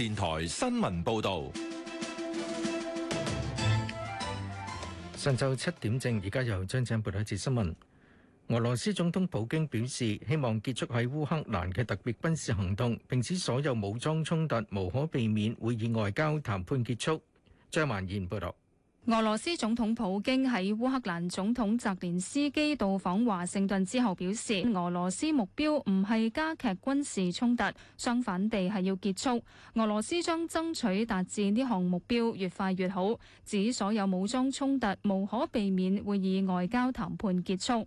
電台新聞報道，上晝七點正，而家由張景報道一節新聞。俄羅斯總統普京表示，希望結束喺烏克蘭嘅特別軍事行動，並指所有武裝衝突無可避免會以外交談判結束。張曼燕報道。俄羅斯總統普京喺烏克蘭總統澤連斯基到訪華盛頓之後表示，俄羅斯目標唔係加劇軍事衝突，相反地係要結束。俄羅斯將爭取達至呢項目標越快越好，指所有武裝衝突無可避免會以外交談判結束。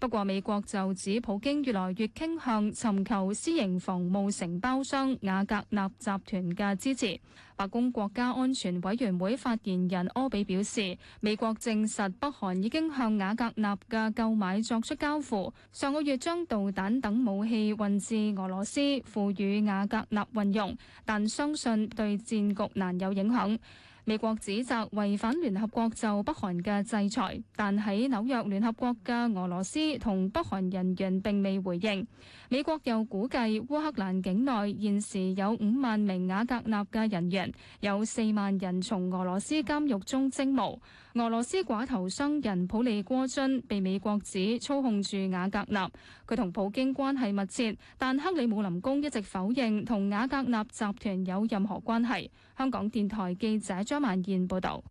不過，美國就指普京越來越傾向尋求私營防務承包商瓦格納集團嘅支持。白宮國家安全委員會發言人柯比表示，美國證實北韓已經向瓦格納嘅購買作出交付，上個月將導彈等武器運至俄羅斯，賦予瓦格納運用，但相信對戰局難有影響。美國指責違反聯合國就北韓嘅制裁，但喺紐約聯合國嘅俄羅斯同北韓人員並未回應。美國又估計烏克蘭境內現時有五萬名瓦格納嘅人員，有四萬人從俄羅斯監獄中徵募。俄羅斯寡頭商人普利戈津被美國指操控住瓦格納，佢同普京關係密切，但克里姆林宮一直否認同瓦格納集團有任何關係。香港電台記者張。張曼燕報道：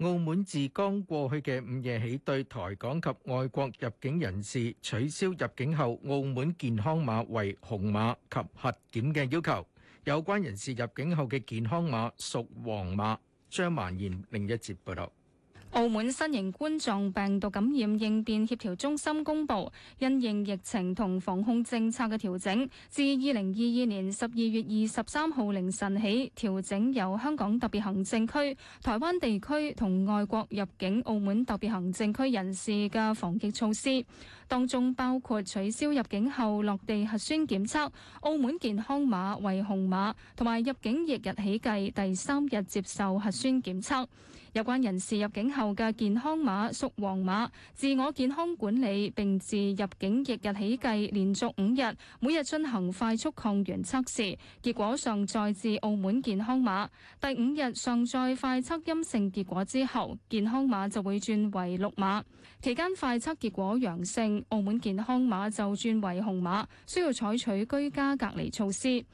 澳門自剛過去嘅午夜起，對台港及外國入境人士取消入境後澳門健康碼為紅碼及核檢嘅要求。有關人士入境後嘅健康碼屬黃碼。張曼燕另一節報道。澳門新型冠狀病毒感染應變協調中心公布，因應疫情同防控政策嘅調整，自二零二二年十二月二十三號凌晨起，調整由香港特別行政區、台灣地區同外國入境澳門特別行政區人士嘅防疫措施，當中包括取消入境後落地核酸檢測、澳門健康碼為紅碼，同埋入境翌日起計第三日接受核酸檢測。有關人士入境後。嘅健康碼屬黃碼，自我健康管理，並自入境翌日起計，連續五日每日進行快速抗原測試，結果上載至澳門健康碼，第五日上載快測陰性結果之後，健康碼就會轉為綠碼。期間快測結果陽性，澳門健康碼就轉為紅碼，需要採取居家隔離措施。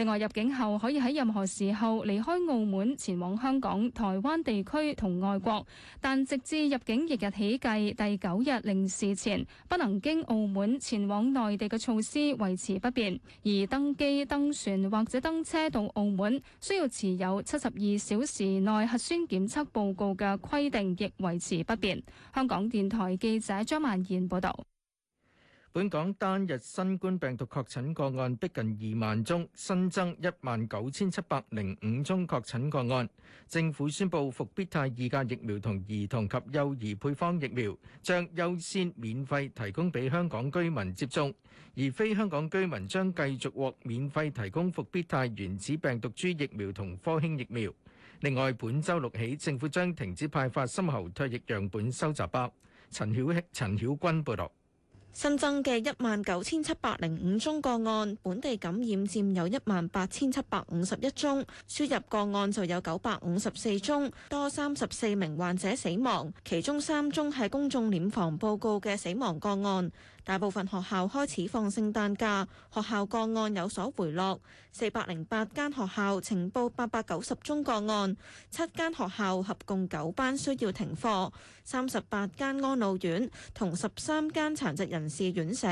另外，入境後可以喺任何時候離開澳門前往香港、台灣地區同外國，但直至入境翌日起計第九日零時前，不能經澳門前往內地嘅措施維持不變，而登機登船或者登車到澳門需要持有七十二小時內核酸檢測報告嘅規定亦維持不變。香港電台記者張曼燕報道。本港單日新冠病毒確診個案逼近二萬宗，新增一萬九千七百零五宗確診個案。政府宣布，復必泰二價疫苗同兒童及幼兒配方疫苗將優先免費提供俾香港居民接種，而非香港居民將繼續獲免費提供復必泰原始病毒株疫苗同科興疫苗。另外，本週六起，政府將停止派發深喉唾液樣本收集包。陳曉陳曉君報道。新增嘅一萬九千七百零五宗個案，本地感染佔有一萬八千七百五十一宗，輸入個案就有九百五十四宗，多三十四名患者死亡，其中三宗係公眾殮房報告嘅死亡個案。大部分學校開始放聖誕假，學校個案有所回落。四百零八間學校呈報八百九十宗個案，七間學校合共九班需要停課。三十八間安老院同十三間殘疾人士院舍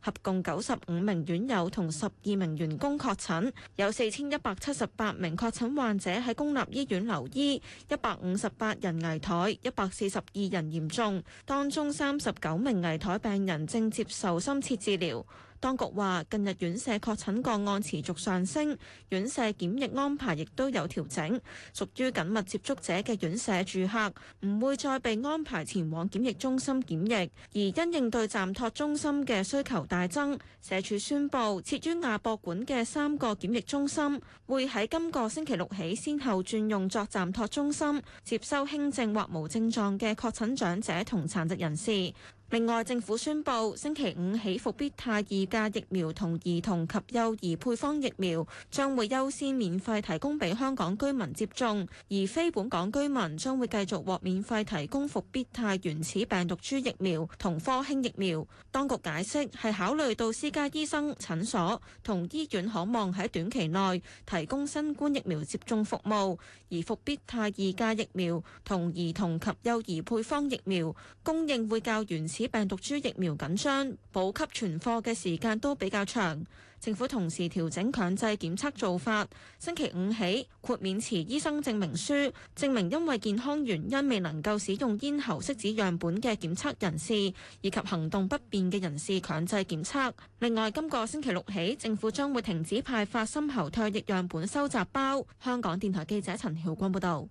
合共九十五名院友同十二名員工確診，有四千一百七十八名確診患者喺公立醫院留醫，一百五十八人危殆，一百四十二人嚴重，當中三十九名危殆病人正接受深切治療，當局話近日院舍確診個案持續上升，院舍檢疫安排亦都有調整。屬於緊密接觸者嘅院舍住客唔會再被安排前往檢疫中心檢疫，而因應對暫托中心嘅需求大增，社署宣布設於亞博館嘅三個檢疫中心會喺今個星期六起，先後轉用作暫托中心，接收輕症或無症狀嘅確診長者同殘疾人士。另外，政府宣布星期五起，復必泰二價疫苗同兒童及幼兒配方疫苗將會優先免費提供俾香港居民接種，而非本港居民將會繼續獲免費提供復必泰原始病毒株疫苗同科興疫苗。當局解釋係考慮到私家醫生診所同醫院可望喺短期內提供新冠疫苗接種服務，而復必泰二價疫苗同兒童及幼兒配方疫苗供應會較原始，以病毒株疫苗緊張，補給存貨嘅時間都比較長，政府同時調整強制檢測做法，星期五起豁免持醫生證明書證明因為健康原因未能夠使用咽喉拭子樣本嘅檢測人士，以及行動不便嘅人士強制檢測，另外，今個星期六起，政府將會停止派發深喉唾液樣本收集包。香港電台記者陳曉光報道。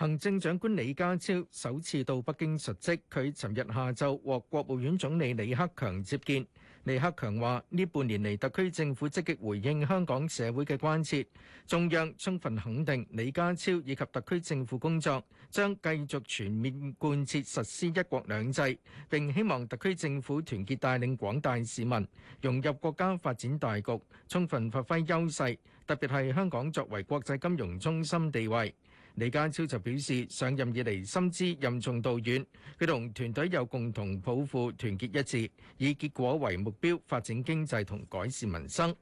行政長官李家超首次到北京述職，佢尋日下晝獲國務院總理李克強接見。李克強話：呢半年嚟，特區政府積極回應香港社會嘅關切，中央充分肯定李家超以及特區政府工作，將繼續全面貫徹實施一國兩制，並希望特區政府團結帶領廣大市民融入國家發展大局，充分發揮優勢，特別係香港作為國際金融中心地位。李家超就表示，上任以嚟深知任重道遠，佢同團隊有共同抱負，團結一致，以結果為目標，發展經濟同改善民生。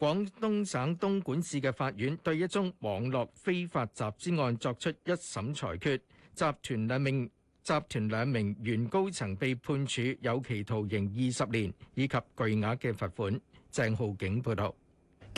廣東省東莞市嘅法院對一宗網絡非法集資案作出一審裁決，集團兩名集團兩名原高層被判處有期徒刑二十年以及巨額嘅罰款。鄭浩景報導。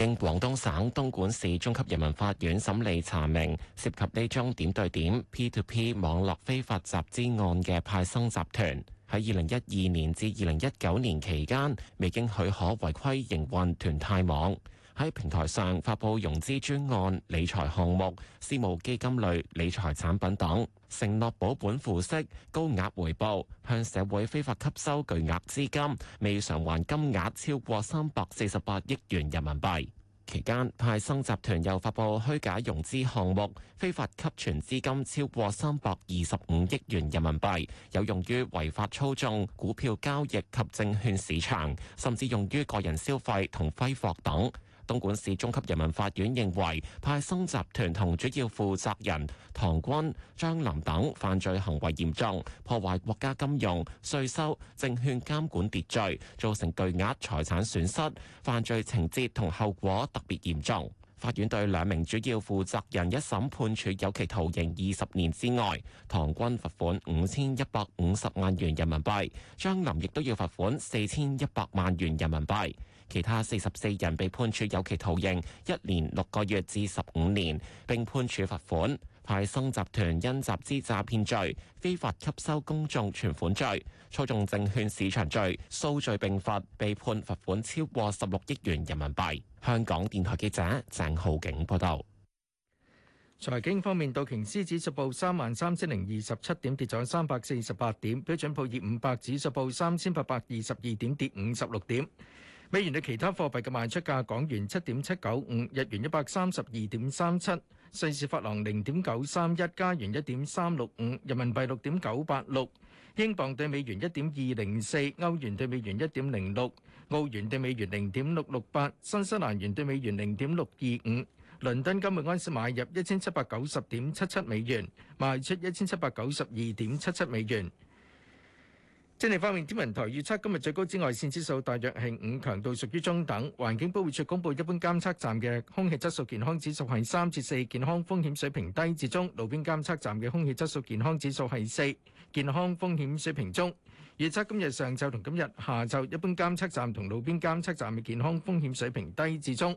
經廣東省東莞市中級人民法院審理查明，涉及呢宗點對點 P to P 網絡非法集資案嘅派生集團，喺二零一二年至二零一九年期間，未經許可違規營運團貸網。喺平台上發布融資專案、理財項目、私募基金類理財產品等，承諾保本付息、高額回報，向社會非法吸收巨額資金，未償還金額超過三百四十八億元人民幣。期間，派生集團又發布虛假融資項目，非法吸存資金超過三百二十五億元人民幣，有用於違法操縱股票交易及證券市場，甚至用於個人消費同揮霍等。東莞市中級人民法院認為派生集團同主要負責人唐軍、張林等犯罪行為嚴重，破壞國家金融、稅收、證券監管秩序，造成巨額財產損失，犯罪情節同後果特別嚴重。法院對兩名主要負責人一審判處有期徒刑二十年之外，唐軍罰款五千一百五十萬元人民幣，張林亦都要罰款四千一百萬元人民幣。其他四十四人被判處有期徒刑一年六個月至十五年，並判處罰款。派生集團因集資詐騙罪、非法吸收公眾存款罪、操縱證券市場罪，數罪並罰，被判罰款超過十六億元人民幣。香港電台記者鄭浩景報道。財經方面，道瓊斯指數報三萬三千零二十七點，跌咗三百四十八點；標準普爾五百指數報三千八百二十二點，跌五十六點。美元對其他貨幣嘅賣出價：港元七點七九五，日元一百三十二點三七，瑞士法郎零點九三一，加元一點三六五，人民幣六點九八六，英鎊對美元一點二零四，歐元對美元一點零六，澳元對美元零點六六八，新西蘭元對美元零點六二五。倫敦金每盎司買入一千七百九十點七七美元，賣出一千七百九十二點七七美元。天氣方面，天文台預測今日最高紫外線指數大約係五，強度屬於中等。環境保護署公佈一般監測站嘅空氣質素健康指數係三至四，健康風險水平低至中；路邊監測站嘅空氣質素健康指數係四，健康風險水平中。預測今日上晝同今日下晝，一般監測站同路邊監測站嘅健康風險水平低至中。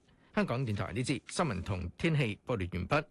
香港電台呢節新聞同天氣播報完畢。